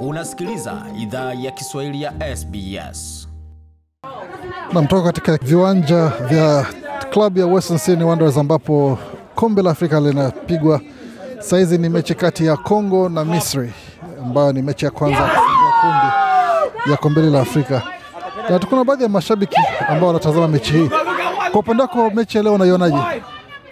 Unasikiliza idhaa ya Kiswahili ya SBS. Nam toka katika viwanja vya klabu ya Western Sydney Wanderers ambapo kombe la Afrika linapigwa sahizi Ni mechi kati ya Congo na Misri ambayo ni mechi ya kwanza ya kundi ya kombe la Afrika, na tukuna baadhi ya mashabiki ambao wanatazama mechi hii. Kwa upande wako, mechi ya leo unaionaje?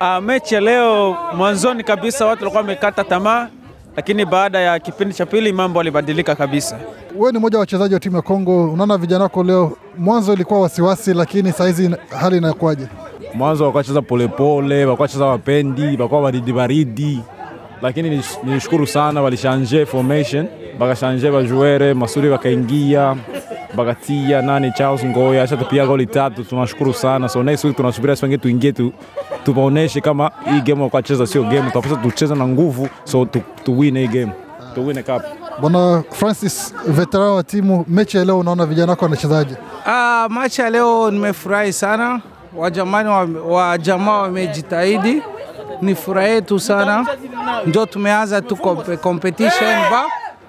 Uh, mechi ya leo mwanzoni kabisa watu walikuwa wamekata tamaa lakini baada ya kipindi cha pili mambo alibadilika kabisa. Wewe ni mmoja wa wachezaji wa timu ya Kongo, unaona vijana wako leo, mwanzo ilikuwa wasiwasi, lakini sahizi hali inakuwaje? Mwanzo wakuwa cheza polepole, walikuwa cheza wapendi, wakuwa baridi baridi, lakini nilishukuru sana, walishanje formation wakashanje wajuere masuri wakaingia bagatia nani Charles Ngoya tupia goli tatu, tunashukuru sana. So next week tunasubiri sasa wengine tuingie tu tuwaoneshe kama hii game wa kucheza sio game, tunapaswa tucheze na nguvu, so tu, tu win hii game, tu win cup. Bwana Francis, veteran wa timu, mechi ya leo unaona vijana wako wanachezaje? Ah, mechi ya leo nimefurahi sana, wajamani wa, wa jamaa wamejitahidi, ni furaha yetu sana, ndio tumeanza tu competition ba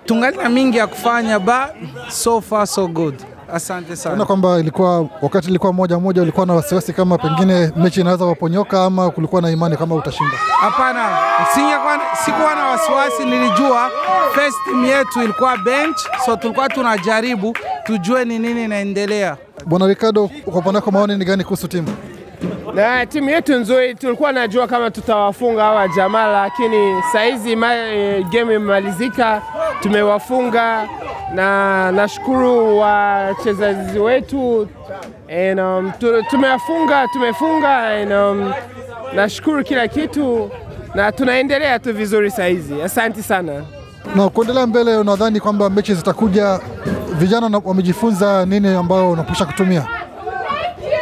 tungali na mingi ya kufanya ba so far so good. Asante sana. kwamba ilikuwa wakati ilikuwa moja moja, ulikuwa na wasiwasi kama pengine mechi inaweza kuponyoka ama kulikuwa na imani kama utashinda? Hapana, sikuwa na wasiwasi, nilijua first team yetu ilikuwa bench, so tulikuwa tunajaribu tujue ni nini inaendelea. Bwana Ricardo, kwa upande wako maoni ni gani kuhusu timu na timu yetu nzuri? Tulikuwa najua kama tutawafunga hawa jamaa, lakini saizi eh, game imemalizika tumewafunga na nashukuru wachezaji wetu and, um, tumewafunga tumefunga and, um, nashukuru kila kitu na tunaendelea tu vizuri sahizi Asante sana. Na kuendelea mbele, unadhani kwamba mechi zitakuja, vijana wamejifunza nini ambayo unapasha kutumia?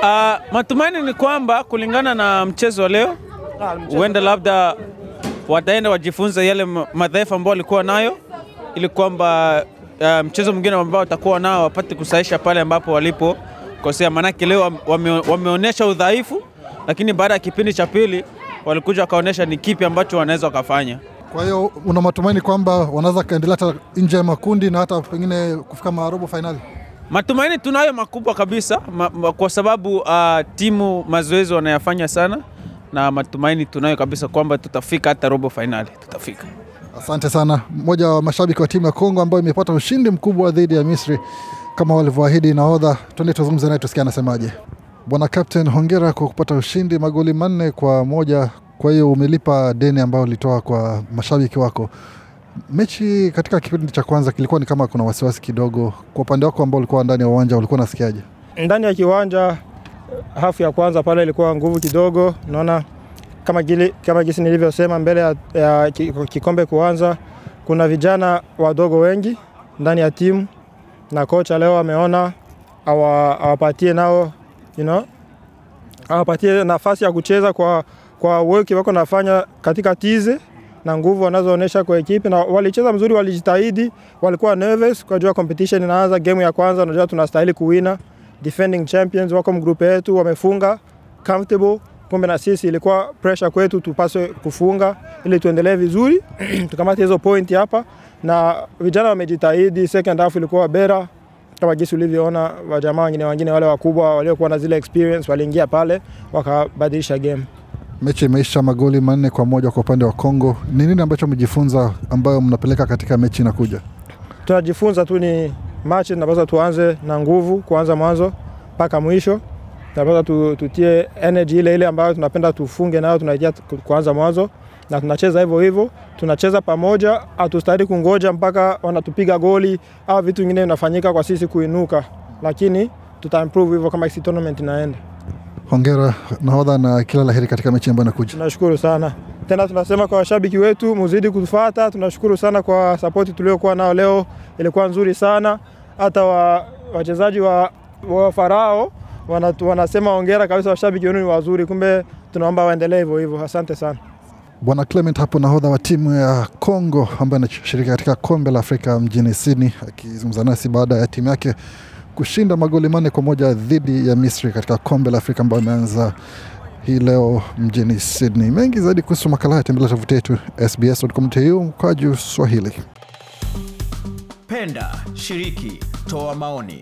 Uh, matumaini ni kwamba kulingana na mchezo wa leo ah, huenda labda wataenda wajifunze yale madhaifu ambao walikuwa nayo ili kwamba uh, mchezo mwingine ambao watakuwa nao wapate kusaisha pale ambapo walipokosea. Maanake leo wame, wameonyesha udhaifu, lakini baada ya kipindi cha pili walikuja wakaonyesha ni kipi ambacho wanaweza wakafanya. Kwa hiyo una matumaini kwamba wanaweza kaendelea hata nje ya makundi na hata pengine kufika marobo fainali? Matumaini tunayo makubwa kabisa ma, ma, kwa sababu uh, timu mazoezi wanayafanya sana, na matumaini tunayo kabisa kwamba tutafika hata robo fainali tutafika. Asante sana. Mmoja wa mashabiki wa timu ya Kongo ambayo imepata ushindi mkubwa dhidi ya Misri kama walivyoahidi nahodha. twende tuzungumze naye tusikie anasemaje. Bwana Captain, hongera kwa kupata ushindi magoli manne kwa moja. Kwa hiyo umelipa deni ambayo ulitoa kwa mashabiki wako. Mechi katika kipindi cha kwanza kilikuwa ni kama kuna wasiwasi kidogo kwa upande wako ambao ulikuwa ndani ya uwanja, ulikuwa unasikiaje? Ndani ya kiwanja hafu ya kwanza pale ilikuwa nguvu kidogo, naona kama, gili, kama jinsi nilivyosema mbele ya, ya kikombe kuanza, kuna vijana wadogo wengi ndani ya timu na kocha leo ameona awapatie nao you know, awapatie nafasi ya kucheza kwa, kwa work wako nafanya katika tizi na nguvu wanazoonyesha kwa ekipi, na walicheza mzuri, walijitahidi, walikuwa nervous kwa jua competition inaanza. Game ya kwanza unajua tunastahili kuwina, defending champions wako mgrupe yetu, wamefunga comfortable Kumbe na sisi ilikuwa pressure kwetu tupaswe kufunga ili tuendelee vizuri tukamate hizo point hapa, na vijana wamejitahidi. Second half ilikuwa bera kama jinsi ulivyoona, wajamaa wengine wengine wale wakubwa waliokuwa na zile experience waliingia pale wakabadilisha game. Mechi imeisha magoli manne kwa moja kwa upande wa Kongo. Ni nini ambacho mmejifunza ambayo mnapeleka katika mechi inakuja? Tunajifunza tu ni machi tunapaswa tuanze na nguvu kuanza mwanzo mpaka mwisho tunapenda tutie energy ile ile ambayo tunapenda tufunge nayo, tunaingia kuanza mwanzo na tunacheza hivyo hivyo, tunacheza pamoja, hatustahili kungoja mpaka wanatupiga goli au vitu vingine vinafanyika kwa sisi kuinuka, lakini tuta improve hivyo kama hii tournament inaenda. Hongera nahodha na kila laheri katika mechi ambayo inakuja. Tunashukuru sana tena, tunasema kwa washabiki wetu muzidi kutufuata. Tunashukuru sana kwa support tuliokuwa nao leo, ilikuwa nzuri sana hata wachezaji wa, wa, wa Farao wanasema ongera kabisa, washabiki wenu ni wazuri, kumbe tunaomba waendelee hivyo hivyo. Asante sana. Bwana Clement hapo, nahodha wa timu ya congo ambayo anashiriki katika kombe la Afrika mjini Sydney, akizungumza nasi baada ya timu yake kushinda magoli manne kwa moja dhidi ya Misri katika kombe la Afrika ambayo imeanza hii leo mjini Sydney. Mengi zaidi kuhusu makala haya tembelea tovuti yetu sbs.com.au juu Swahili. Penda, shiriki, toa maoni